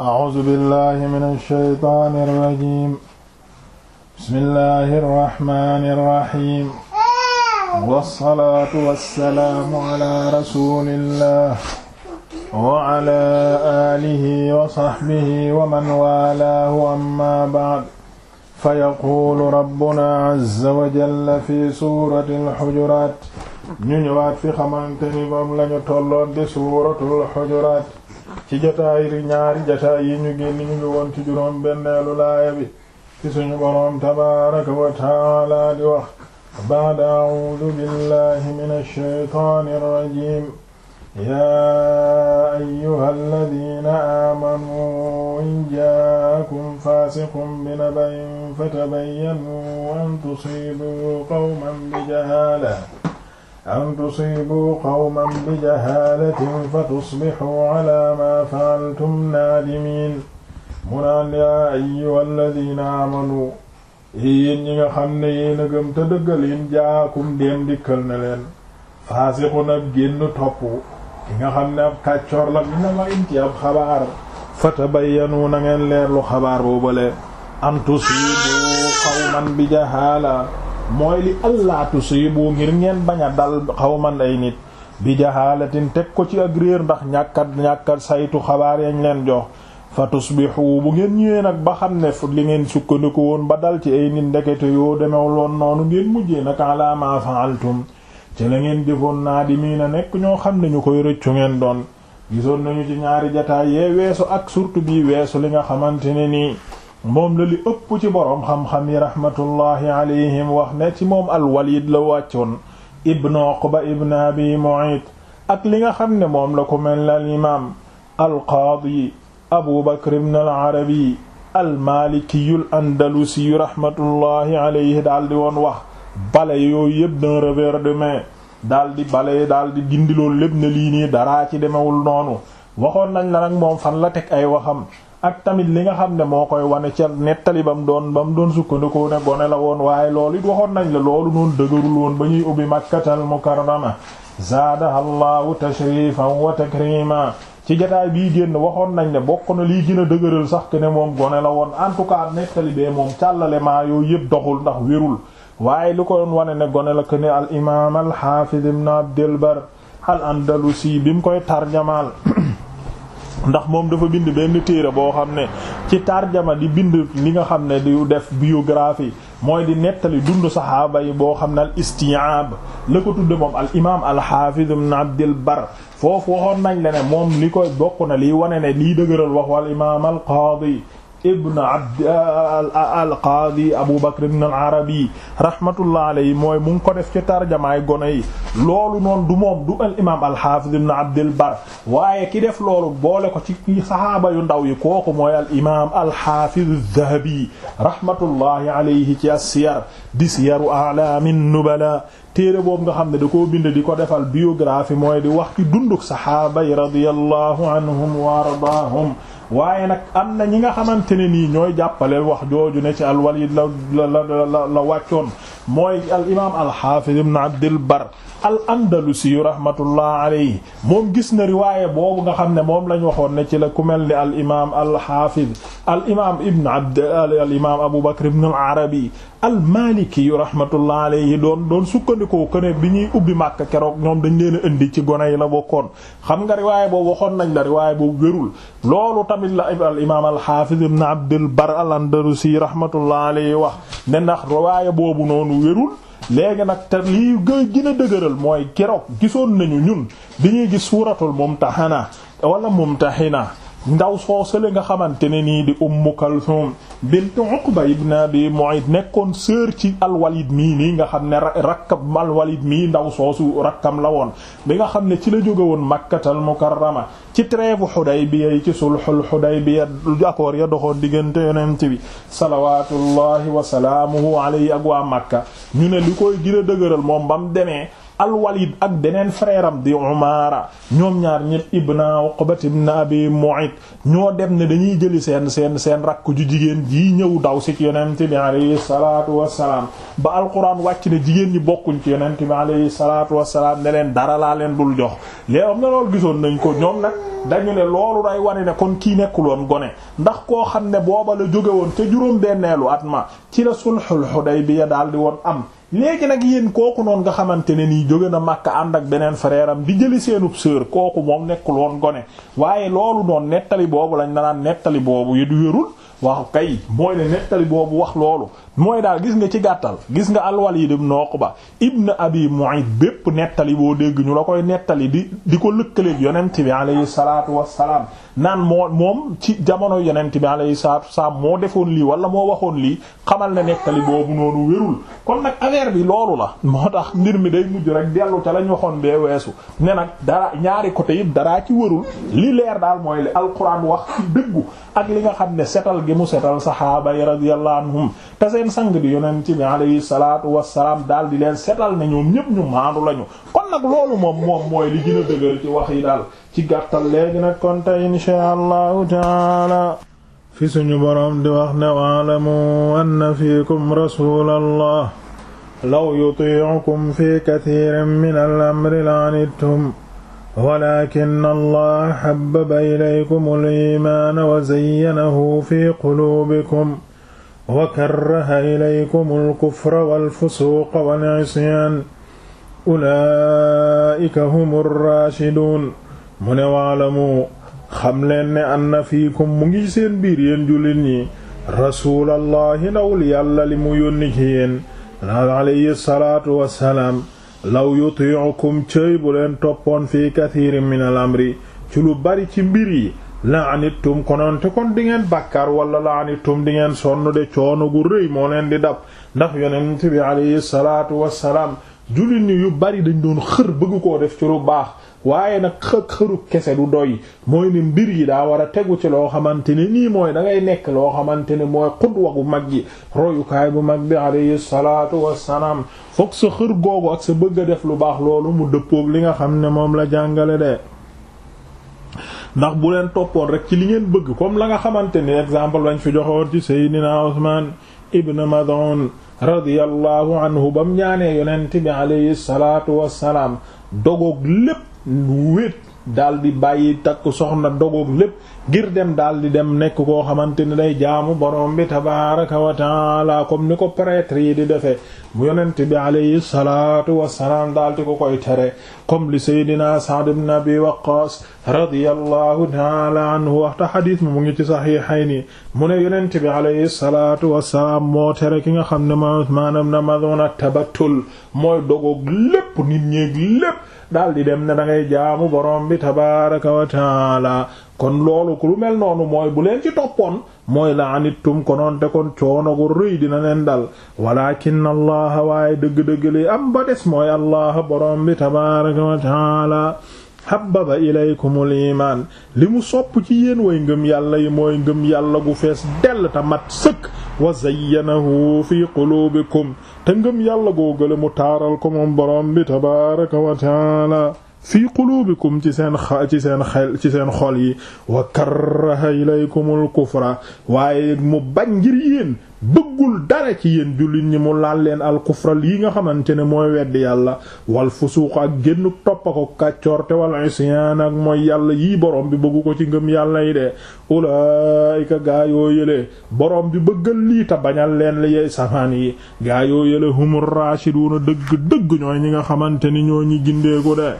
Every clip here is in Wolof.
أعوذ بالله من الشيطان الرجيم بسم الله الرحمن الرحيم والصلاة والسلام على رسول الله وعلى آله وصحبه ومن والاه أما بعد فيقول ربنا عز وجل في سورة الحجرات ñu ñëwaat fi xamante ni moom lañu tolloon di suuratul Hujuraat ci jotaay ri ñaari jotaay yi ñu génn ñu ngi woon ci juróom benneelu laaya bi ci suñu boroom tabaaraka wa taala di wax ba'da a'uudu billahi minash shaytaanir rajiim yaa ayyuhal ladiina aamanuu in jaakum faasiqun binaba'in fatabayyanu an tusiibuu qawman bijahaala am tusiibu qawman bi jahaalatin fa tusbixuu calaa maa facaltum naadimiin mu ayyuha alladiina aamanu yéen ñi nga xam ne yéen a gëm dëggal yéen jaakum dem dikkal na leen faasiqun ab génn topp ki nga xam ne ab kàccoor la bi na inti ab xabaar fa na ngeen leerlu xabaar boobale an tusiibu qawman bi jahaala mooy li allah tusibu ngir ngeen bañ a dal xawman ay nit bi jahaalatin teg ko ci ak réer ndax ñàkkat ñàkkat saytu xabaar yañ leen jox fa tusbihu bu ngeen ñëwee nag ba xam ne li ngeen sukkandiku woon ba dal ci ay nit ndekete yoo demewul woon noonu ngeen mujjee nag ala ma fa'altum ci la ngeen jëfoon naa di mii na nekk ñoo xam ne ñu koy rëccu ngeen doon gisoon nañu ci ñaari jataay yee weesu ak surtout bii weesu li nga xamante ne nii moom la li ëpp ci boroom xam-xam yi rahmatullahi alayhim wax ne ci moom alwalid la wàccoon ibnu Uqba ibn abi Mu'ayt ak li nga xam ne moom la ko mel al imaam alqaadi abu bakr ibn al arabi almalikiyu l andalusiyu rahmatullahi alayhi daal di woon wax bale yoo yëpp d'un revers de main daal di bale daal di dindi lépp ne lii nii dara ci demewul noonu waxoon nañ la nag moom fan la teg ay waxam ak tamit li nga xam ne moo koy wane ca nettali ba mu doon ba mu doon sukkandiku ne gone la woon waaye loolu it waxoon nañ la loolu noonu dëgërul woon ba ñuy ubbi makkatal mukarrama zaadaha allahu tashrifan wa takrima ci jotaay bii génn waxoon nañ ne bokk na lii gën a dëgëral sax ke ne moom gone la woon en tout cas nettali bee moom càllale maa yooyu yëpp doxul ndax wérul waaye li ko doon wane ne gone la ke ne al imaam al xaafid ibn abdilbar al andalusi bi mu ndax moom dafa bind benn téere boo xam ne ci tarjama di bind li nga xam ne di def biographie mooy di nettali dund saxaaba yi boo xam ne al isti'ab la ko tudde moom alimaam imam al hafiz ibn abdil bar foofu waxoon nañ la ne moom li koy bokk na liy wane ne lii dëgëral wax wal imam al qaadi ibn abd al qaadi abu bakr ibn al arabi mooy mu ngi ko def ci tarjamaay gone yi loolu noonu du moom du al imam al hafiz waaye ki def loolu boole ko ci sahaaba yu ndaw yi kooku mooy al imam al hafiz az-zahabi rahmatullahi alayhi ci as-siyar di siyaru a'lamin nubala téere boobu nga xam ne da koo bind di ko defal biographie mooy di wax ci dunduk sahaaba yi radiyallahu anhum wa waaye nag am na ñi nga xamante ne nii ñooy jàppale wax jooju ne ci al Walid la la la la wàccoon mooy al imaam al xaafiz ibn Abdul Barr al andalusi rahmatullah alayhi moom gis na riwaayé boobu nga xam ne moom lañ waxoon ne ci la ku mel ni al imaam al xaafiz al imaam ibn abd al imaam Abu Bakr ibn al Arabi al maliki rahmatullah alayhi doon doon sukkandikoo ko ne bi ñuy ubbi Makka keroog ñoom dañ leen a indi ci gone yi la bokkoon xam nga riwaayé boobu waxoon nañ la riwaayé boobu wérul loolu tamit la al imaam al xaafiz ibn Abdul Barr al andalusi rahmatullah alayhi wax. ne ndax riwaaya boobu noonu wérul léegi nag te lii gëy gën a dëgëral mooy keroog gisoon nañu ñun bi ñuy gis suuratul mumtahana wala mumtahina ndaw soo sële nga xamante ne nii di Ummu Kalsum bint Uqba ibn Abi Mu'ayt nekkoon sœur ci al-Walid mii nga xam ne rakkam al-Walid mii ndaw soosu rakkam la woon bi nga xam ne ci la jóge woon Makkatal Mukarrama ci trêve Hudaybiya yi ci sulhul Hudaybiya accord ya doxoon diggante yonent bi salawatullahi wa salaamuhu alayhi ak waa Makka ñu ne li koy gën a dëgëral moom bam demee al-Walid ak beneen frère am di Umaara ñoom ñaar ñëpp ibn Uqbat ibn Abi Mu'ayt ñoo dem ne dañuy jëli seen seen seen rakk ju jigéen jii ñëw daw si ci yonent bi alayhi salaatu wassalaam ba alquran wàcc ne jigéen ñi bokkuñ ci yonent bi alayhi salaatu wassalaam ne leen dara laa leen dul jox léegi am na loolu gisoon nañ ko ñoom nag dañu ne loolu day wane ne kon kii nekkul woon gone ndax koo xam ne booba la jóge woon te juróom benneelu at ma ci la sulhul Hudaybiya daal di woon am léegi nag yéen kooku noonu nga xamante ne nii jóge na Makka ànd ak beneen frère am di jëli seenub sœur kooku moom nekkul woon gone waaye loolu doon nettali boobu lañ naan nettali boobu yu du wérul waaw kay mooy ne nettali boobu wax loolu mooy daal gis nga ci gàttal gis nga al-Walid ibn Uqba ibn Abi Mu'ayt bépp nettali boo dégg ñu la koy nettali di di ko lëkkaleeg yonent bi alayhi salaatu wassalaam naan moo moom ci jamono yonent bi alayhi salaatu wassalaam moo defoon lii wala moo waxoon lii xamal ne nettali boobu noonu wérul kon nag affaire bi loolu la moo tax mbir mi day mujj rek dellu te lañ waxoon bee weesu ne nag dara ñaari côté yëpp daraa ci wérul li leer daal mooy li alquran wax ci ak li nga xam ne setal gi mu setal saxaaba yi radiyallahu anhum te seen sang bi yonent bi alayhi daal di leen setal ne ñoom ñëpp ñu lañu kon nag loolu moom moom mooy li gën a dëgër ci wax yi daal ci gàttal léegi nag kon te inshaa allahu taala fi suñu boroom di wax ne waalamu anna fiikum rasulallah law yutiicukum fi kathirin min al amri laanittum walakin allah xababa ilaykum alimaana wa zayyanahu fi quluubikum wa karraha ilaykum alkufra walfusuuqa walcisyaan ulaa'ika hum alraashiduun mu ne waalamu xam leen ne anna fiikum mu ngi seen biir yéen jullit ñi rasuulallahi ndawul yàlla li mu yónni ci yéen alayhi salaatu wassalaam law yuti'ukum cëy bu leen toppoon fii kathirin min al amri ci lu bari ci mbir yi la anittum kononte kon di ngeen bàkkaar wala la anittum di ngeen sonn de coono gu rëy moo leen di dab ndax yonent bi alayhi salaatu wassalaam salaam ñi yu bari dañ doon xër bëgg koo def ci lu baax waaye nag xëru kese du doy mooy ne mbir yi daa war a tegu ci loo xamante ne nii mooy dangay nekk loo xamante ne mooy xudwa bu mag ji royukaay bu mag bi alayhi salaatu wassalaam fokk sa xër googu ak sa bëgg a def lu baax loolu mu dëppook li nga xam ne moom la jàngale de ndax bu leen toppoon rek ci li ngeen bëgg comme la nga xamante ni exemple lañ fi joxoon ci Seydina Usmaan ibn Mad'un radiyallahu anhu bam ñaanee yonent bi alayhi wassalaam dogoog lépp wéet daal di bàyyi takk soxna dogoog lépp ngir dem daal di dem nekk koo xamante ne day jaamu borom bi tabaaraka wa taala comme ni ko prêtre yi di defee mu yonent bi alayhi salaatu wassalaam daal di ko koy tere comme li Seydina Sa'd ibn Abi Waqqaas radiyallahu taala anhu waxta xadiis mi mu ngi ci saxiixayni mu ne yonent bi alayhi salaatu wassalaam moo tere ki nga xam ne ma maanaam na madona tabattul mooy dogoog lépp nit ñéeg lépp daal di dem ne da ngay jaamu borom bi tabaaraka wa kon loolu ku lu mel noonu mooy bu leen ci toppoon mooy la anittum konoon te kon coono gu rëy dina leen dal walakin allah waaye dëgg-dëgg li am ba des mooy allah borom bi tabaaraka wa taala habbaba ilaykumul iman li mu sopp ci yéen way ngëm yàlla yi mooy ngëm yàlla gu fees dell ta mat sëkk wa zayyanahu fi qulubikum te ngëm yàlla goo gële mu taaral ko moom borom bi tabaaraka wa taala fii quluubikum ci seen ci seen ci seen xol yi wa karraha ilaykumul kufra waaye mu bañ ngir yéen bëggul dara ci yéen jullit ñi mu laal leen al kufra lii nga xamante ne mooy weddi yàlla wal fusuuq ak génn topp ko kàccoor te wal isyaan ak mooy yàlla yii borom bi bëggu ko ci ngëm yàlla de ulaayika gaa yoo yële borom bi bëggal lii te bañal leen la yey safaan yi gaa yoo yële humur raashiduuna dëgg dëgg ñooy ñi nga xamante ni ñoo ñi gindeeku de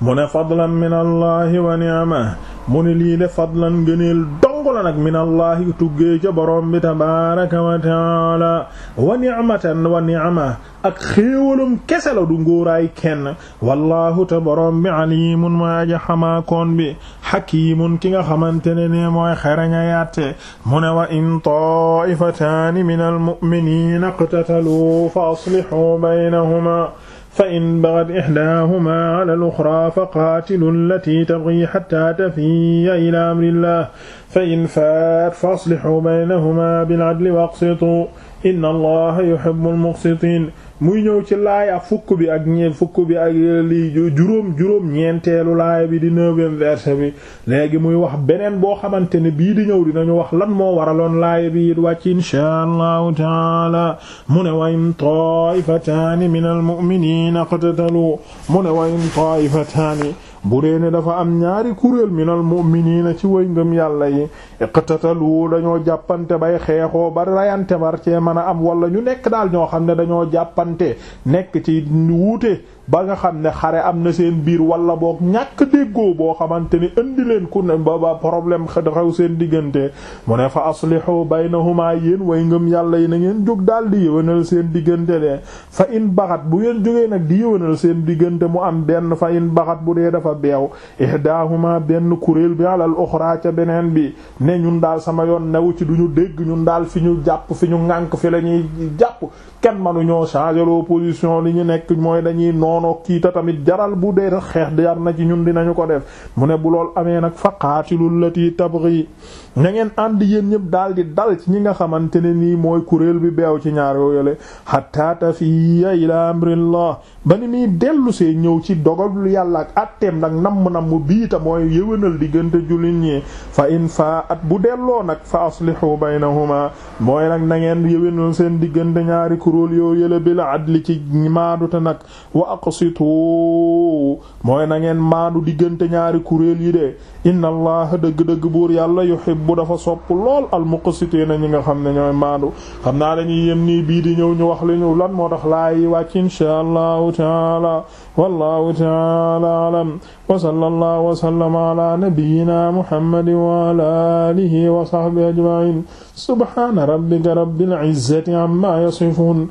mu ne fadlan min allahi wa ni'ma mu ne lii de fadlan ngëneel dong la nag min allahi tuggee ca borom bi tabaraka wa taala wa ni'matan wa ni'ma ak xéewalum kese la du ngóoraay kenn wallahu te borom bi alimun waaja xamaakoon bi xakimun ki nga xamante ne ne mooy xereña yatte mu ne wa in taifataani min almuminina iqtatalu fa aslihu baynahuma fa in bagat ihdaahuma ala al-uxraa fa qaatilu allatii tabgii hattaa tafii'a ilaa amri llah fa in faat fa aslixuu baynahuma biladli wa aqsitu inna allaha yuhibbu almuqsitin muy ñëw ci laaya fukk bi ak ñe fukk bi ak li juróom juróom ñeenteelu laaya bi di neuvième verset bi léegi muy wax beneen boo xamante ne bii di ñëw dinañu wax lan moo waraloon laaya bi it wàcc inshaa allahu taala mu ne wa in taifataani min almuminina qatatalu mu ne wa in taifataani bu dee ne dafa am ñaari kuréel minal mu'miniina ci way ngëm yàlla yi iqtatalu dañoo jàppante bay xeexoo ba rayante bar cee mën a am wala ñu nekk daal ñoo xam ne dañoo jàppante nekk ci wuute ba nga xam ne xare am na seen biir wala boog ñàkk déggoo boo xamante ni indi leen ku ne ba ba problème xew seen diggante mu ne fa aslihu baynahuma yéen way ngëm yàlla yi na ngeen jóg daal di yëwénal seen diggante de fa in baxat bu ngeen jógee nag di yëwénal seen diggante mu am benn fa in baxat bu dee dafa beew ihdahuma benn kuréel bi alal uxra ca beneen bi ne ñun daal sama yoon new ci duñu dégg ñun daal fi ñu jàpp fi ñu ŋànk fi la ñuy jàpp kenn manu ñoo changer l'opposition li ñu nekk noonu kii ta bu dee xeex jar na ci ñun ko def mu ne bu lool amee nag fa qaatilul lati tabghi na ngeen ànd yéen ñëpp daal di dal ci ñi nga xamante ne nii mooy kuréel bi beew ci ñaar yooyale hatta tafiya ila amrillah ba ni muy dellu see ñëw ci dogal yàlla ak atteem nag namm-namm biita mooy yëwénal diggante jullit ñi fa in fa at bu delloo nag fa aslihu baynahuma mooy nag na ngeen yëwénal seen diggante ñaari kuréel yoo yële bil adli ci maadu nag wa waqsitu mooy na ngeen maandu diggante ñaari kuréel yi de inna allaha dëgg-dëgg buur yàlla yuhibbu dafa sopp lool al muqsitiina ñi nga xam ne ñooy maandu xam naa dañuy yem nii bii di ñëw ñu wax li ñu lan moo tax laayi wàcc inshaa allahu taala wallahu taala alam wa sallallahu wa sallama ala nabiyyina muhammadin wa ala alihi wa sahbihi ajma'in subhana rabbika rabbil izzati amma yasifun